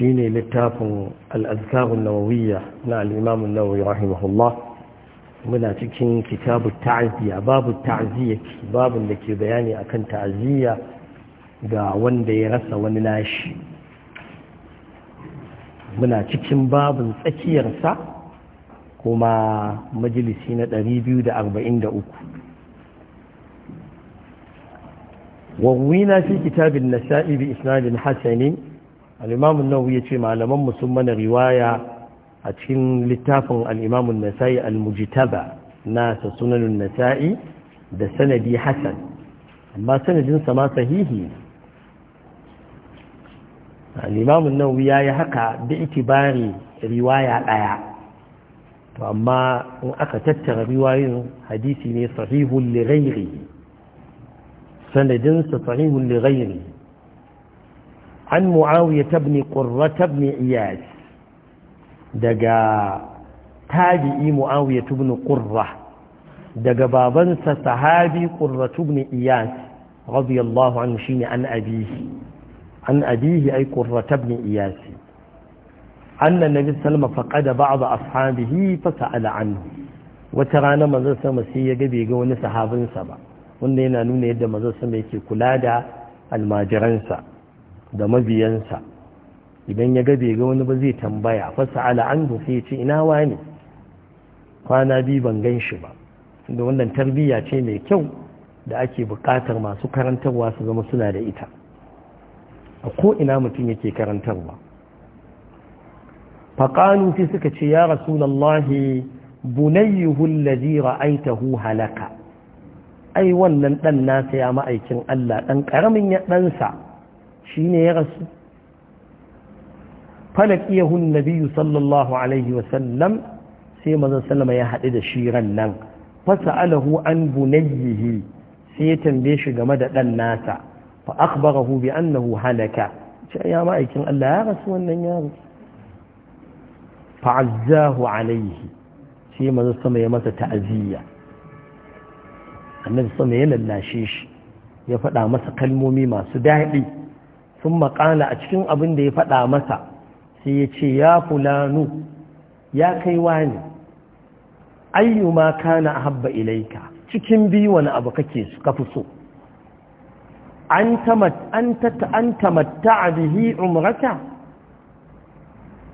shine littafin al'azkarun nawawiyya na al'imamun nawawi rahimahullah muna cikin kitabu ta'aziyya babu ta'aziyya babu da ke bayani akan ta'aziyya ga wanda ya rasa wani nashi muna cikin babun tsakiyarsa kuma majalisi na ɗari biyu da da arba'in 243 wawwina fi kitabin nasa'i bi isnadin hasanin al'imamun nawawi ya ce malaman mana riwaya a cikin littafin al'imamun nasa'i al-mujtaba na sunanun nasa'i da sanadi hasan amma sanadinsa ma sahihi al'imamun nawawi ya yi haka da itibari riwaya ɗaya to amma in aka tattara riwayoyin hadisi ne sahihun lirairi sanadinsa sahihun lirairi. an bni ibn ta bni iyas daga tabi'i mu'awiyah ibn qurra daga babansa sahabi qurra ibn iyas radiyallahu anhu shine an abihi an abihi ay qurra ibn iyas anna nabi sallama faqada ba'd ashabihi fa sa'ala anhu wata rana manzon sama sai ya ga bai ga wani sahabinsa ba wanda yana nuna yadda manzon sama yake kula da almajiransa da mabiyansa idan ya ga bai ga wani ba zai tambaya fasa ala an sai ya ce ina wani kwana biyu ban gan shi ba inda wannan tarbiyya ce mai kyau da ake bukatar masu karantarwa su zama suna da ita a ina mutum yake karantarwa faƙalu sai suka ce ya rasulallahi bunayyuhu allazi ra'aitahu halaka ai wannan ɗan nasa ya ma'aikin Allah ɗan ƙaramin ya ɗansa shi ne ya rasu falakiyahun nabiyu sallallahu alaihi wasallam sai mazan salama ya haɗu da shi ran nan alahu an bunayyihi sai ya tambaye shi game da ɗan nasa fa akhbarahu bi annahu halaka ya ma'aikin Allah ya rasu wannan yaro fa'azzahu alaihi sai mazan sama ya masa ta'aziyya annabi sama ya lallashe shi ya faɗa masa kalmomi masu daɗi sun makala a cikin abin da ya faɗa masa sai ya ce ya fulanu ya kai wani ayyu ma kana habba ilaika cikin biyu wani abu kake su so an tamatta a bihi umrata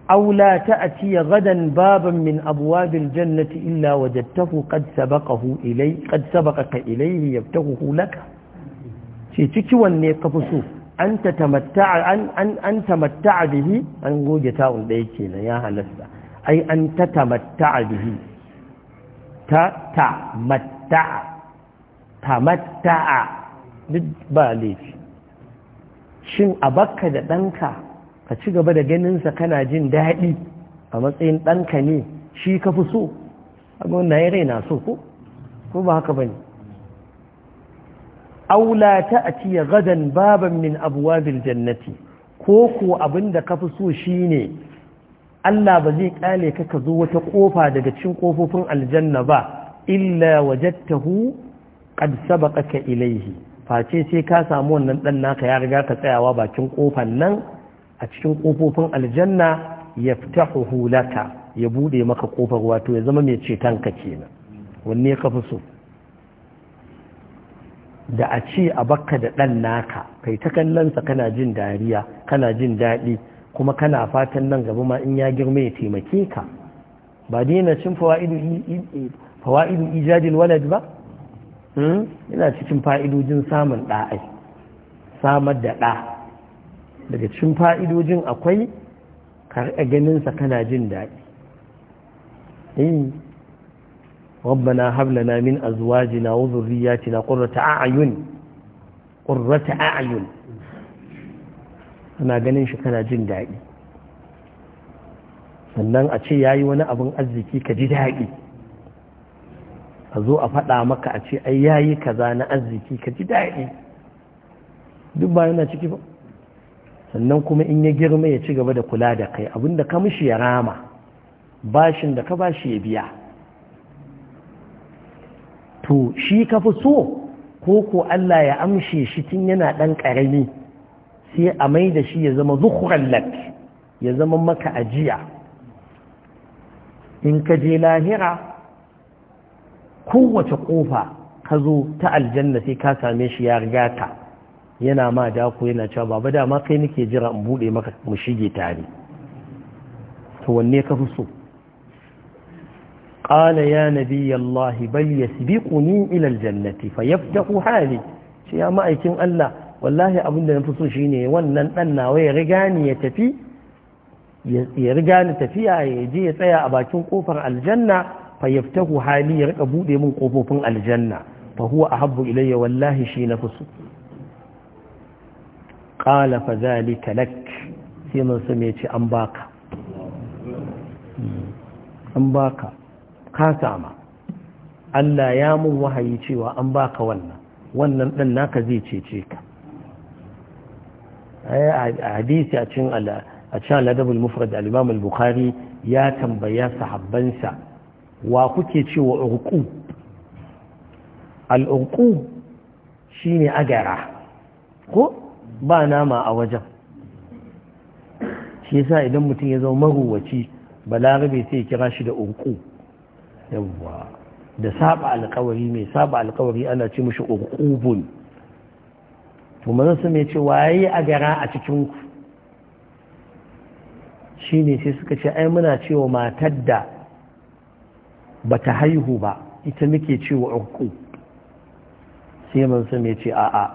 aw la ta'tiya gadan baban min abwabil jannati illa wajadtahu qad sabaqahu ilay qad sabaqaka ilayhi yaftahu laka ce ciki wanne kafi so an tamatta'a bihi an goge ta'un ɗaya nan ya halasta ai an ta tamatta'a bihi ta tamatta'a tamatta'a duk ba laifi shin a bakka da ɗanka ka ci gaba da ganinsa kana jin daɗi a matsayin ɗanka ne shi ka fi so a gwamna ya na so ko ko ba haka ba ne aw la ta'ti gadan baban min abwabil jannati ko ko abinda kafi so shine Allah ba zai kale ka ka zo wata kofa daga cikin kofofin aljanna ba illa wajadtahu qad sabaqaka ilayhi face sai ka samu wannan dan naka ya riga ka tsayawa bakin kofan nan a cikin kofofin aljanna yaftahu laka ya bude maka kofar wato ya zama mai ceton ka kenan wanne ka fi so da a ce a bakka da ɗan naka kai ta kallonsa kana jin dariya kana jin daɗi kuma kana fatan nan gaba ma in ya girma ya taimake ka ba daina cin fawa'idu ijadin walad ba hmm? yana cikin fa'idojin samun ɗa'ai samar da ɗa daga cikin fa'idojin akwai ganin ganinsa kana jin daɗi eh. ربنا هب لنا من ازواجنا وذرياتنا قرة اعين قرة اعين انا ganin shi kana jin daɗi sannan a ce ya wani abun arziki ka ji daɗi a zo a faɗa maka a ce ai ya kaza na arziki ka ji daɗi duk ba yana ciki ba sannan kuma in ya girma ya ci gaba da kula da kai abinda ka mishi ya rama bashin da ka bashi ya biya to shi ka fi so ko ko Allah ya amshe shi tun yana ɗan ƙarami sai a mai da shi ya zama zukuran lak ya zama maka ajiya in ka je lahira kowace ƙofa ka zo ta aljanna sai ka same shi ya riga ta yana ma dako yana cewa baba dama kai nake jira in buɗe maka mu shige tare to wanne ka fi so قال يا نبي الله بل يسبقني إلى الجنة فيفتح حالي شيء ما أيتم ألا والله أبن نفسه شيني ونن أنا ويرجاني يتفي يرجاني تفي يجي يتأي أباكم قفر الجنة فيفتح حالي يرقبود من قفوف الجنة فهو أحب إلي والله شي نفسه قال فذلك لك سيما سميتي أنباك أنباك ka sama Allah ya mun wahayi cewa an baka wannan wannan ɗan naka zai cece ka a hadisi a cikin a cikin ladabul mufrad al-imam al-bukhari ya tambaya sahabbansa wa kuke cewa urqu al-urqu shine agara ko ba nama a wajen shi yasa idan mutum ya zama maruwaci balarabe sai kira shi da urqu yawwa da saba alkawari mai saba alkawari ana ce mashi ƙubun to manzo su mai ce waye a gara a cikinku shi ne sai suka ce ai muna cewa matar da bata haihu ba ita muke cewa ƙubu sai su mai ce a'a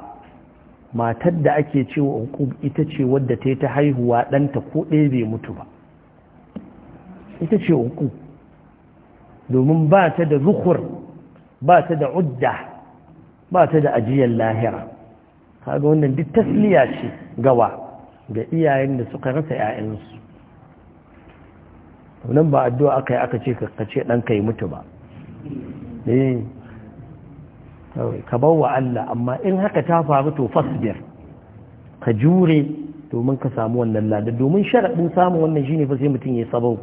matar da ake cewa ƙubu ita ce wadda ta yi ta haihuwa ɗanta ko ɗaya bai mutu ba ita ce ƙubu domin ba ta da zukur ba ta da udda ba ta da ajiyar lahira kaga wannan duk tasliya ce gawa ga iyayen da suka rasa 'ya'yansu nan ba addu'a aka yi aka ce ka kace ɗanka yi mutu ba eh, ka bar wa Allah amma in haka ta faru to fasbir ka jure domin ka samu wannan lada domin sharaɗin samun wannan shine fa sai mutum ya sabau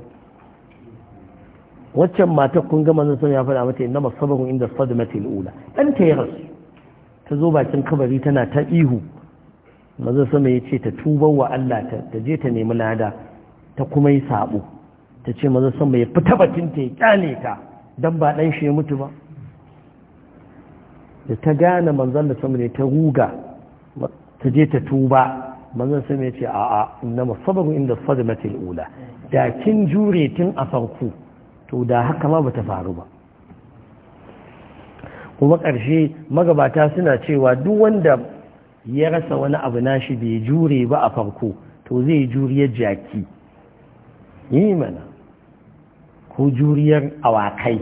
waccan matar kun ga manzon sun ya faɗa mata inna masabahu inda sadmatil ula dan ta rasu ta zo bakin kabari tana ta ihu Mazan sun ya ce ta tuba wa Allah ta je ta nemi lada ta kuma yi sabo ta ce mazan sun ya fita bakin ta ya kyale ta dan ba dan shi ya mutu ba da ta gane manzon da sun ne ta ruga ta je ta tuba manzon sun ya ce a'a inna masabahu inda sadmatil ula da kin jure tun a farko to da haka ma bata faru ba kuma ƙarshe magabata suna cewa duk wanda ya rasa wani abu nashi bai jure ba a farko to zai juriyar jaki yi mana ko juriyar awakai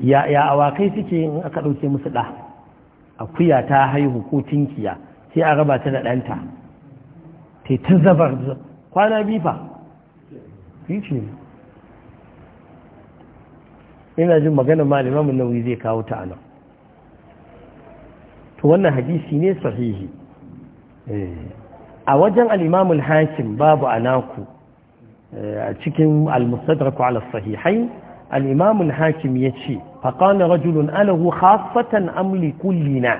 ya awakai suke in aka ɗauke musu ɗa akuya ta haihu ko tinkiya sai a raba ta da ɗanta ta zabar kwana bifa yi ce ina jin magana malimamin nauyi zai kawo ta anan to wannan hadisi ne sahihi eh, a wajen al'imamul hakim babu anaku eh, a cikin al ala sahihai al'imamul hakim ya ce faƙana rajulun alahu hafatan amli kullina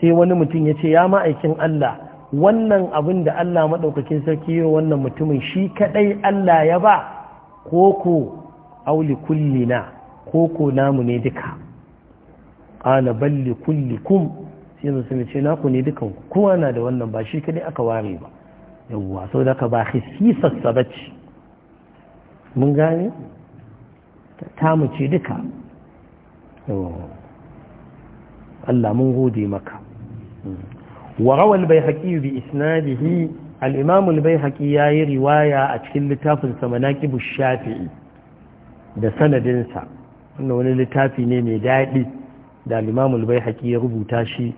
sai wani mutum ya ce ya ma'aikin Allah wannan abin da Allah maɗaukakin sarki wannan mutumin shi kaɗai Allah ya ba ko ko auli na, ko ko namu ne duka qala bal li kum sai musulmi ce naku ne dukan kowa na da wannan ba shi kadai aka ware ba yawwa da ka ba hisisar sabace mun gane ta mu ce duka Allah mun gode maka wa rawal bai haƙi bi isnadihi al-imamul bai haƙi ya yi riwaya a cikin littafin sa manaƙibu shafi'i da sanadinsa wannan wani littafi ne mai daɗi da al'imamul bai haƙi ya rubuta shi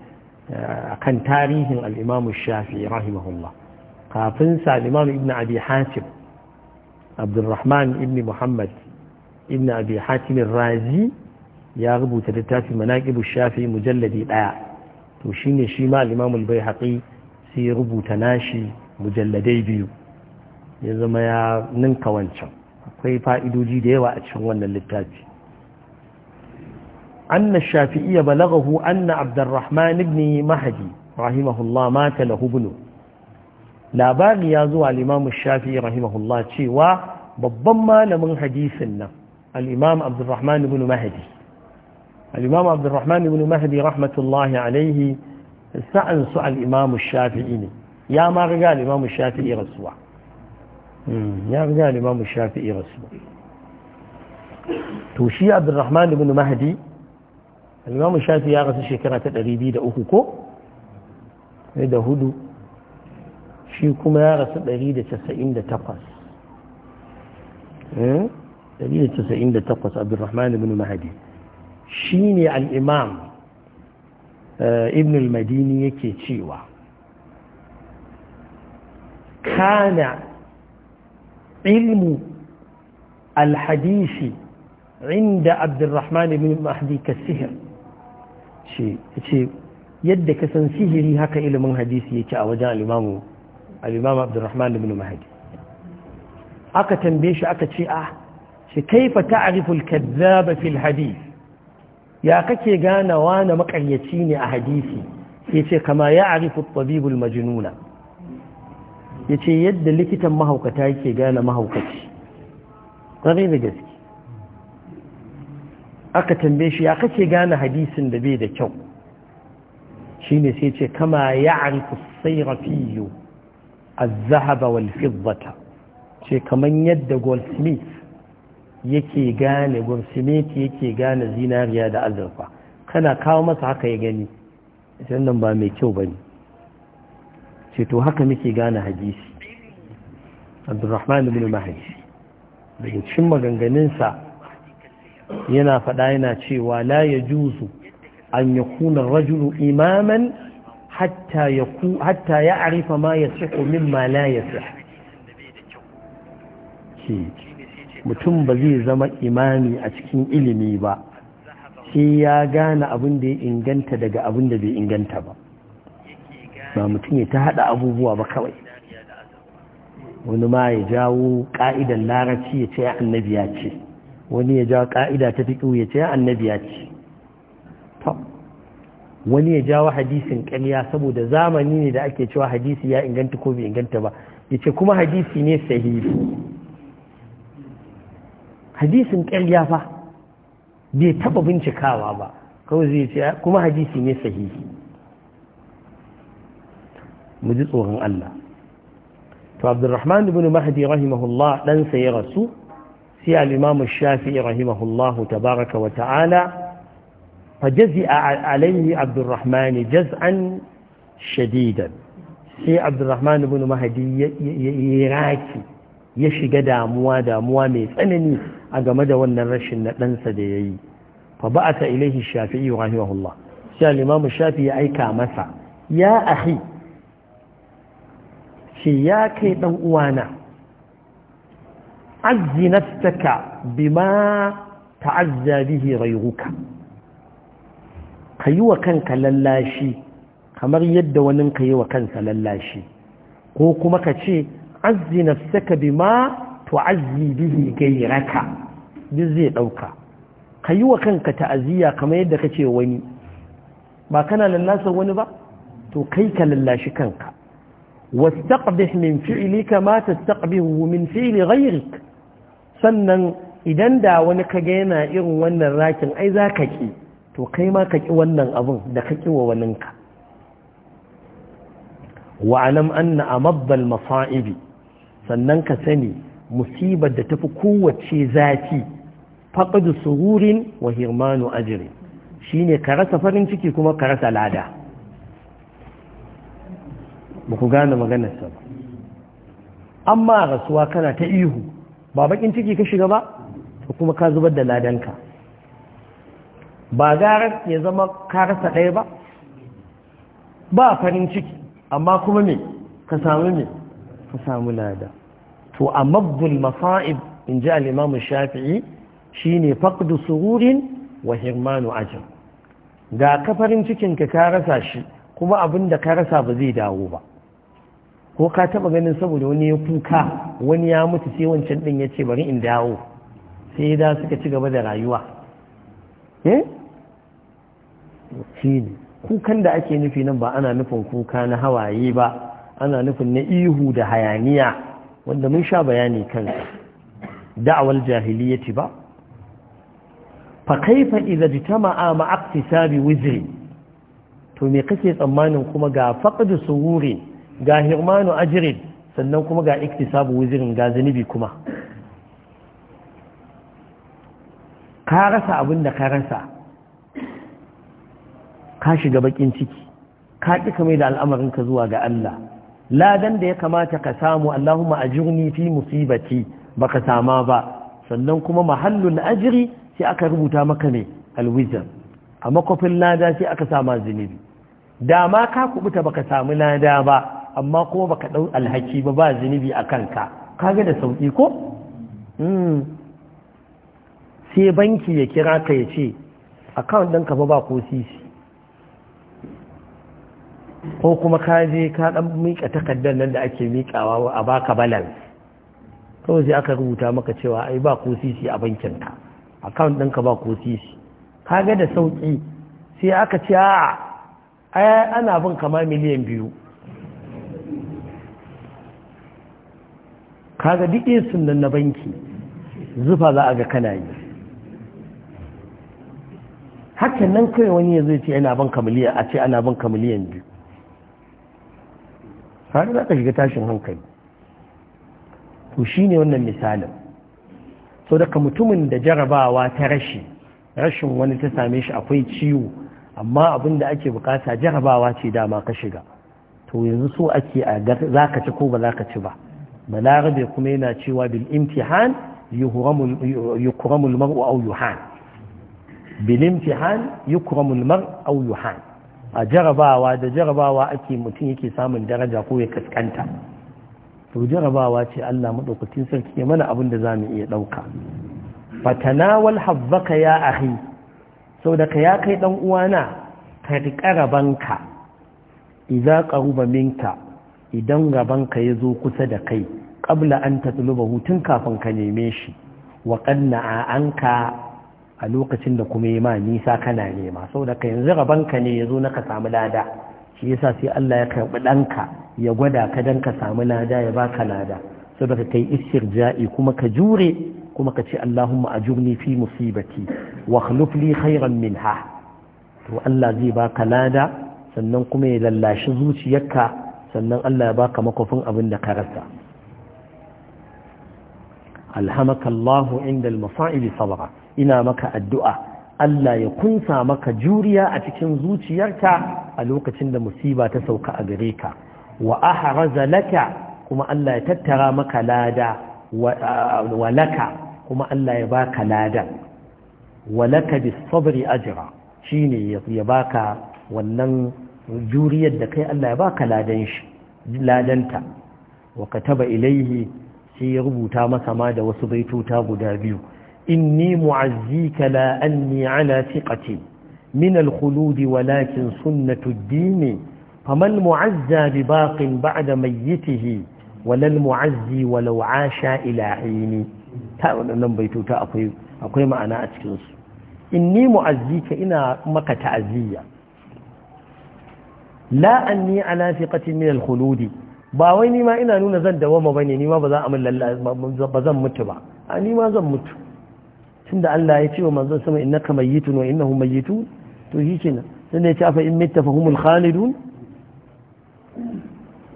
eh, a kan tarihin al'imamu shafi rahimahullah kafin sa al'imamu ibn abi hatim abdulrahman ibn muhammad ibn abi razi ya rubuta littafi manaƙibu shafi mujalladi ɗaya to shine shi ma al'imamul bai haƙi sai ya rubuta nashi mujalladai biyu ya zama ya ninka wancan akwai fa'idoji da yawa a cikin wannan littafi anna shafi'iyya balaghahu anna abdurrahman ibn mahdi rahimahullah mata lahu bunu labari ya zuwa al-imam shafi'i rahimahullah cewa babban malamin hadisin nan al-imam abdurrahman ibn mahdi al-imam abdurrahman ibn rahmatullahi sa'an su al-imam shafi'i ne ya ma riga al-imam shafi'i rasuwa يعني قال الإمام الشافعي رسمه توشي عبد الرحمن بن مهدي الإمام الشافعي يغسل شكرا تقريبي دأوكو هذا إيه هدو شيكما يغسل دليل تسعين لتقص إيه؟ دليل تسعين لتقص عبد الرحمن بن مهدي شيني الإمام آه، ابن المديني كي تشيوا كان ilmu alhadisi inda abdurrahman ibn mahdi ka sihir ce yadda ka san sihiri haka ilimin hadisi yake a wajen alimamu alimamu abdurrahman ibn mahdi aka tambaye shi aka ce ah shi kaifa ta'rifu al-kadhdhaba fil ya kake ganawa na makaryaci ne a hadisi yace kama ya arifu at-tabibul majnuna ya ce yadda likitan mahaukata yake gane mahaukaci ƙwarai da gaske aka tambaye shi ya kake gane hadisin da bai da kyau shi ne sai ce kama ya sairafiyo a zahaba walfizzata ce kamar yadda goldsmith yake gane goldsmith yake gane zinariya da azurfa kana kawo masa haka ya gani sannan ba mai kyau ba ne ce to haka muke gane hadisi abdurrahman ibn mahdi daga cikin maganganunsa yana faɗa yana cewa la ya juzu an ya kuna rajulu imaman hatta ya arifa ma ya mimma la ya mutum ba zai zama imami a cikin ilimi ba sai ya gane abin da ya inganta daga abin da bai inganta ba ba mutum ya ta haɗa abubuwa ba kawai wani ma ya jawo ƙa'idan laraci ya ce annabi ya ce wani ya jawo ƙa'ida ta fiƙi ya ce annabi ya ce wani ya jawo hadisin ƙarya saboda zamani ne da ake cewa hadisi ya inganta ko bai inganta ba ya ce kuma hadisi ne sahihi hadisin ƙarya fa bai taɓa bincikawa ba kawai zai ce kuma hadisi ne sahihi mu ji tsoron Allah to Abdurrahman ibn Mahdi rahimahullah dan sa ya rasu sai al-Imam Shafi'i rahimahullahu tabaraka wa ta'ala فجزع عليه عبد الرحمن جزعا شديدا sai abdurrahman ibn mahadi ya raki ya shiga damuwa damuwa mai tsanani a game da wannan rashin na ɗansa da ya yi fa ba'ata ilaihi shafi'i rahimahullah sai al-imam shafi ya aika masa ya ahi shi ya kai ɗan uwana azzinastaka bima ta'azza bihi ghayruka kayi wa kanka lallashi kamar yadda wani ka yi wa kansa lallashi ko kuma ka ce azzinastaka bima tu'azzi bihi ghayraka duk zai ɗauka kayi wa kanka ta'aziyya kamar yadda kace wani ba kana lallasa wani ba to kai ka lallashi kanka واستقبح من فعلك ما تستقبحه من فعل غيرك sannan idan da wani ka ga yana irin wannan rakin ai za ka ƙi to kai ma ka ƙi wannan abin da ka ƙi wa waninka wa'alam anna a mabbal sannan ka sani musibar da tafi kowace zafi faƙadu sururin wa hirmanu ajiri shine ka rasa farin ciki kuma ka rasa lada ba ku gane maganarsa ba amma rasuwa kana ta ihu ba bakin ciki ka shiga ba to kuma ka zubar da ladanka ba gara ya zama ka rasa ɗaya ba ba farin ciki amma kuma me ka samu me ka samu lada to a mabdul masa'ib in ji al'imamu shafi'i shine faqdu sururin wa hirmanu ajin ga ka farin ka ka rasa shi kuma abin da ka rasa ba zai dawo ba ko ka taba ganin saboda wani ya kuka wani ya mutu sai wancan din ya ce bari in dawo sai da suka ci gaba da rayuwa eh kukan da ake nufi nan ba ana nufin kuka na hawaye ba ana nufin na ihu da hayaniya wanda mun sha bayani kansa da'awal jahiliyyati ba fa kaifa idza jitama'a ma'a iktisabi wizri to me kake tsammanin kuma ga faqdu suhuri ga hirmanu ajirin sannan kuma ga iktisabu wuzirin ga zunubi kuma ka rasa abin da ka rasa ka shiga bakin ciki ka ƙi mai da al'amarinka zuwa ga Allah ladan da ya kamata ka samu Allahumma ajirni fi musibati baka sama ba sannan kuma mahallul ajiri sai aka rubuta maka ne alwizan a makwafin lada sai aka sama zunubi dama ka kubuta baka samu lada ba amma kuma baka ɗau alhaki ba ba zunubi a kanka kaga da sauƙi ko hmm. sai banki ya kira ka ya ce akawun ɗinka ba ba ko sisi ko kuma ka je ka ɗan miƙa takardar nan da ake miƙawa a baka balance kawai sai aka rubuta maka cewa ai ba ko sisi a bankinka akawun ɗinka ba ko sisi kaga da sauƙi sai aka ce a ana bin kama miliyan biyu kaga duk isin nan na banki zufa za a ga kana yi hakan nan kai wani ya zai ce yana ban kamiliyan a ce ana ban kamiliyan biyu har za ka shiga tashin hankali to shi ne wannan misalin so daga mutumin da jarabawa ta rashi rashin wani ta same shi akwai ciwo amma abin da ake bukata jarabawa ce dama ka shiga to yanzu so ake a za ka ci ko ba za ka ci ba balarabe kuma yana cewa bil imtihan yukuramul mar'u aw yuhan bil imtihan yukuramul mar'u aw yuhan a jarabawa da jarabawa ake mutum yake samun daraja ko ya kaskanta to jarabawa ce Allah madaukakin sarki ya mana abin da zamu iya dauka fatanawal habbaka ya ahi saboda ka ya kai dan uwana ka riƙa rabanka idza qaruba minka idan gabanka ya zo kusa da kai ƙabla an ta hutun kafin ka neme shi wa ƙanna anka a lokacin da kuma yi ma nisa kana nema sau da ka yanzu gabanka ne ya zo na ka samu lada shi yasa sai Allah ya karɓi ɗanka ya gwada ka dan ka samu lada ya baka lada sau da ka kai ja'i kuma ka jure kuma ka ce Allahumma ajurni fi musibati wa khluf khairan minha to Allah zai baka lada sannan kuma ya lallashi zuciyarka sannan Allah ya baka makofin abin da ka rasa alhamakallahu inda al sabara ina maka addu'a Allah ya kunsa maka juriya a cikin zuciyarka a lokacin da musiba ta sauka a gare ka wa ahraza laka kuma Allah ya tattara maka lada wa laka kuma Allah ya baka lada wa laka bis sabri ajra shine ya baka wannan juriyar da kai Allah ya baka ladan shi ladanta wa kataba ilaihi sai ya rubuta masa ma da wasu baitota guda biyu inni mu'azzika la anni ala thiqati min al-khulud walakin sunnatu ad-din faman mu'azza bi baqin ba'da mayyitihi walal mu'azzi walau asha ila hini ta wannan baitota akwai akwai ma'ana a cikin su inni mu'azzika ina maka ta'aziyya la anni ala fiqatin min al ba wai ni ma ina nuna zan dawama bane ni ma ba za a min ba zan mutu ba a ni ma zan mutu tunda Allah ya ce wa manzon sama innaka mayyitun wa innahum mayyitun to shi kenan sai ne ya fa in mitta fa humul khalidun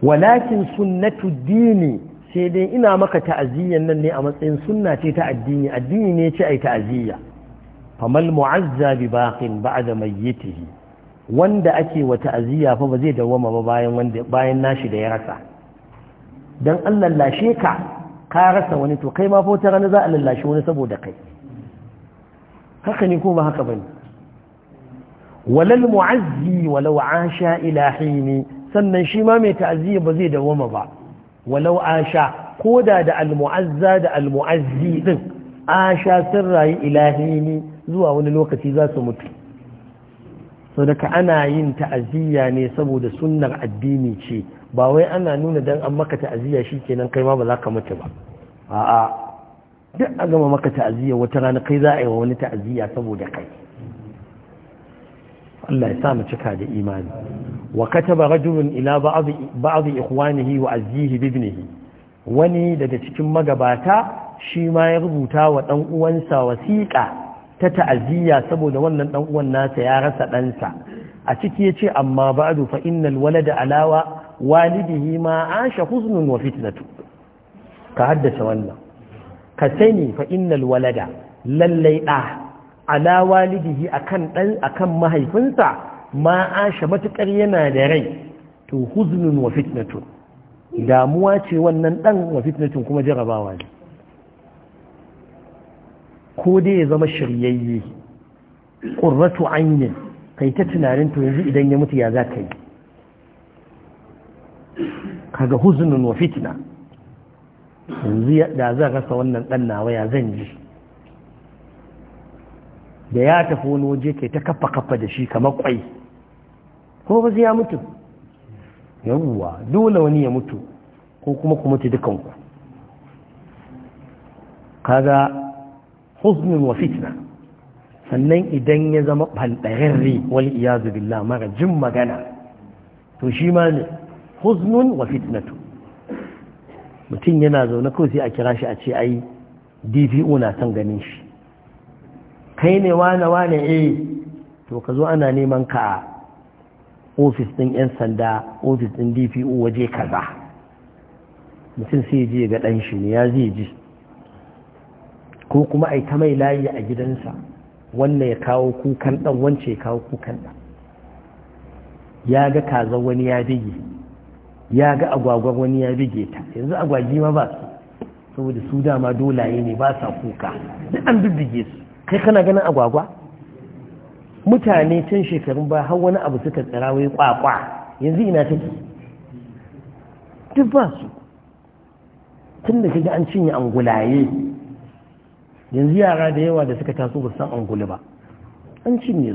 walakin sunnatu dini sai dai ina maka ta'aziyyan nan ne a matsayin sunna ce ta addini addini ne ce ai ta'aziyya famal mu'azza bi baqin ba'da mayyitihi wanda ake wa ta'aziyya fa ba zai dawwama ba bayan wanda bayan nashi da ya rasa dan Allah lashe ka ka rasa wani to kai ma fa rana za a lallashe wani saboda kai haka ne ko ba haka bane walal mu'azzi walau asha ila hini sannan shi ma mai ta'aziyya ba zai dawwama ba walau asha koda da almu'azza da almu'azzi din asha sun rayu ilahini zuwa wani lokaci za su mutu so daga ana yin ta'aziyya ne saboda sunnar addini ce ba wai ana nuna don an maka ta'aziyya shikenan kai ma ba za ka mutu ba a'a duk a gama maka ta'aziyya wata rana kai za a yi wa wani ta'aziyya saboda kai Allah ya sa mu cika da imani wa kataba rajulun ila ba'd ikhwanihi wa azihi bibnihi wani daga cikin magabata shi ma ya rubuta wa dan uwansa wasiƙa ta ta'aziyya saboda wannan dan uwan nasa ya rasa ɗansa a ciki yace amma ba'du fa innal walada alawa walidihi ma asha huznun wa fitnatu ka haddace wannan ka sani fa innal walada lallai da ala walidihi akan dan akan mahaifinsa ma asha matukar yana da rai to huznun wa fitnatu damuwa ce wannan dan wa fitnatun kuma jarabawa ne ko dai ya zama shiryayye ƙurratu anyin kai ta tunanin to yanzu idan ya mutu ya za ka yi kaga huzunin wa fitina yanzu da zan rasa wannan ɗan nawa ya zan ji da ya tafi wani waje kai ta kafa kafa da shi kamar kwai ko ba ya mutu yawwa dole wani ya mutu ko kuma ku mutu dukanku kaga huznun wa fitna sannan idan ya zama fanɗararre wal iyazu billah mara jin magana to shi ma ne huznun wa fitnatu mutum yana zaune kawai sai a kira shi a ce ai dvo na son ganin shi kai ne wane wane eh to ka zo ana neman ka a ofis ɗin 'yan sanda ofis ɗin dpo waje kaza mutum sai je ga ɗan shi ne ya zai ji ko kuma a yi ta mai layi a gidansa wannan ya kawo kukan ɗan wance ya kawo kukan ɗan ya ga kaza wani ya bige ya ga agwagwa wani ya bige ta yanzu agwagi ma ba su saboda su dama dolaye ne ba sa kuka duk an bibbige su kai kana ganin agwagwa mutane can shekarun ba har wani abu suka tsira wai kwakwa yanzu ina take duk ba su tun da kaga an cinye angulaye yanzu yara da yawa da suka taso ba san angulu ba an cinye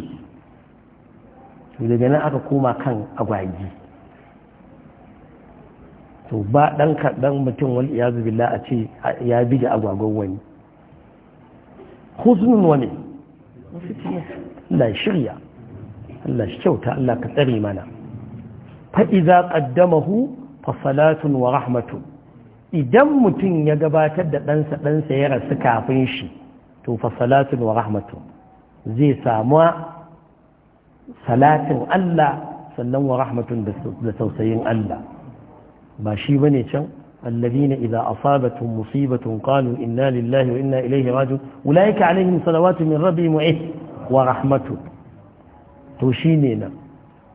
su daga nan aka koma kan agwagi to ba dan kaɗan mutum wani ya billah a ce ya bi da agwagon wani husnun wani Allah shirya Allah shi kyauta Allah ka tsare mana Fa'iza iza hu fa salatun wa rahmatun idan mutum ya gabatar da ɗansa ɗansa ya rasu kafin shi to fa salatun wa rahmatun zai samu salatin Allah sannan wa rahmatun da tausayin Allah ba shi bane can الذين إذا أصابتهم مصيبة قالوا إنا لله وإنا إليه راجعون أولئك عليهم صلوات من ربهم وإيه ورحمة توشينينا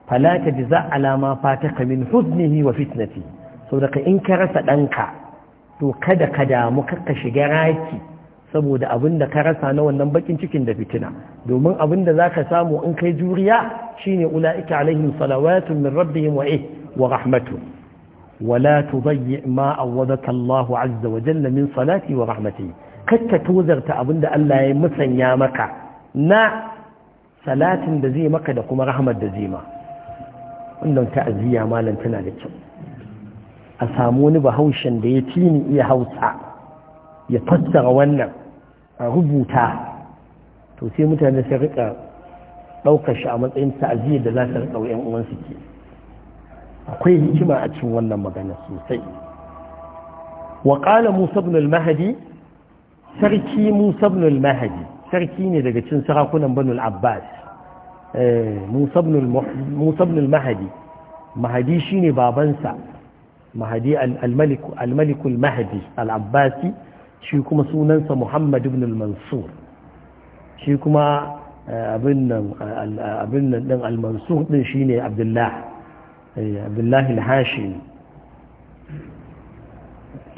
فلا تجزع على ما فاتك من حزنه وفتنته saboda ka in ka rasa ɗanka to kada ka damu karka shiga raki saboda abin da ka rasa na wannan bakin cikin da fitina domin abin da za ka samu in kai juriya shine ula'ika alaihim salawatun min rabbihim wa eh, wa rahmatu wala tudayyi ma awwadaka Allah azza wa jalla min salati wa rahmati katta tozarta abin da Allah ya musanya maka na salatin da zai maka da kuma rahmat da zai ma wannan ta'aziyya malam tana da kyau a samu wani bahaushen da ya tini iya hausa ya fassara wannan a rubuta to sai mutane sai rika ɗaukar shi a matsayin ta'aziyya da za ta rika wa uwansu ke akwai hikima a cikin wannan magana sosai wa qala musa ibn al-mahdi sarki musa ibn al-mahdi sarki ne daga cikin sarakunan banu al-abbas eh, musa ibn al-mahdi mahdi shine babansa mahadi al-malik al-mahdi al-abbasi shi kuma sunansa muhammad ibn al-mansur shi kuma eh, eh, eh, abin nan din al-mansur din shine abdullahi abdullahi al-hashim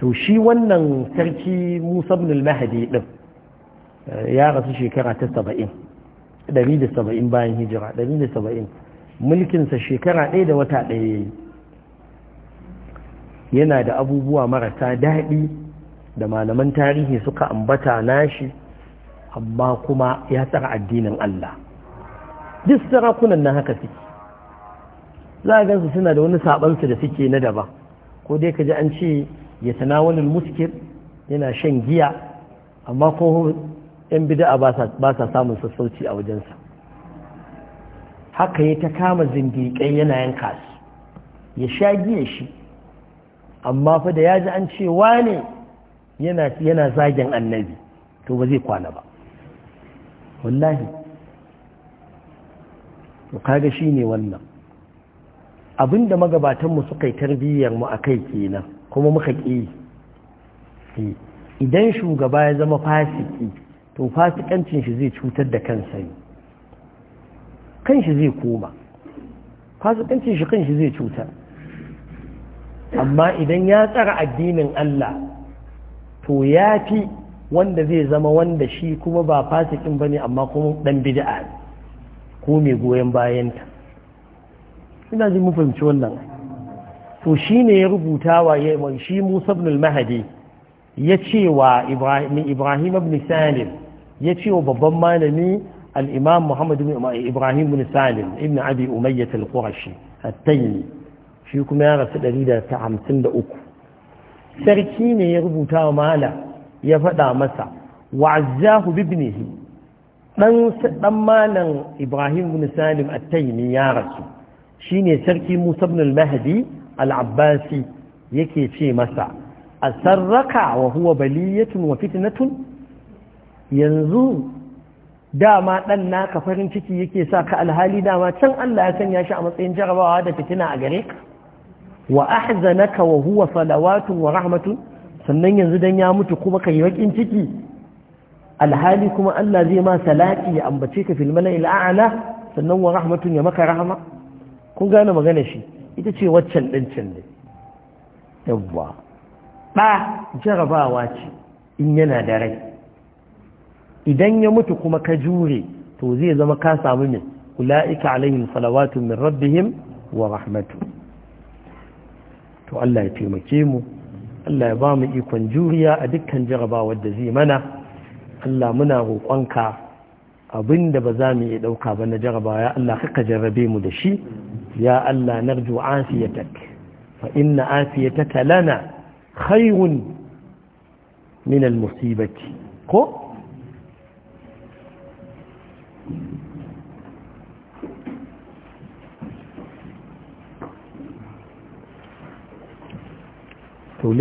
to shi wannan sarki musa ibn al-mahdi din ya rasu shekara ta 70 170 bayan hijira 170 mulkinsa shekara ɗaya da wata ɗaya yayi yana da abubuwa marasa daɗi da malaman tarihi suka ambata nashi amma kuma ya tsara addinin Allah duk sarakunan nan haka suke za a gansu suna da wani sabansu da suke na daba ko dai ka ji an ce ya wani muskir yana shan giya amma ko yan bida'a ba sa samun sassauci a wajensa haka ya ta kama zindiƙai yana yanka su ya sha giya shi amma fa da ya ji an ce wane yana yana zagin annabi to ba zai kwana ba wallahi to kaga shine wannan abinda magabatanmu suka yi tarbiyyar mu akai kenan kuma muka ƙi eh, idan shugaba ya zama fasiki to fasikancin shi zai cutar da kansa ne kan shi zai koma fasikancin shi kan shi zai cutar amma idan ya tsara addinin Allah to ya fi wanda zai zama wanda shi kuma ba fasikin bane amma kuma dan bid'a ne ko mai goyon bayanta ina ji mu fahimci wannan to shine ya rubuta wa ya shi Musa ibn mahdi ya ce wa Ibrahim ibn Salim ya ce wa babban malami al-Imam Muhammad Ibrahim ibn Salim ibn Abi Umayyah al-Qurashi at-Taymi shi kuma ya rasu ɗari da hamsin da uku sarki ne ya rubuta wa mala ya faɗa masa wa'azzahu bibnihi dan dan malam Ibrahim bin Salim at-Taymi ya rasu shine sarki Musa ibn al-Mahdi al-Abbasi yake ce masa asarraka wa huwa baliyatun wa fitnatun yanzu dama dan naka farin ciki yake sa ka alhali dama can Allah ya sanya shi a matsayin jarabawa da fitina a gare ka wa ahzanaka wa huwa salawatun wa rahmatun sannan yanzu dan ya mutu kuma kai bakin ciki alhali kuma Allah zai ma salati ya ambace ka fil mala'il a'la sannan wa rahmatun ya maka rahma? kun gane magana shi ita ce waccan din can ne yawwa ba jarabawa ce in yana da rai idan ya mutu kuma ka jure to zai zama ka samu min ula'ika alaihim salawatun min rabbihim wa rahmatun to Allah ya taimake mu Allah ya ba mu ikon juriya a dukkan jarabawar da zai mana Allah muna roƙonka abin da ba za mu iya ɗauka ba na jaraba ya Allah kaka jarrabe mu da shi ya Allah narju afiyatak fa inna afiyataka lana khayrun min al-musibati ko to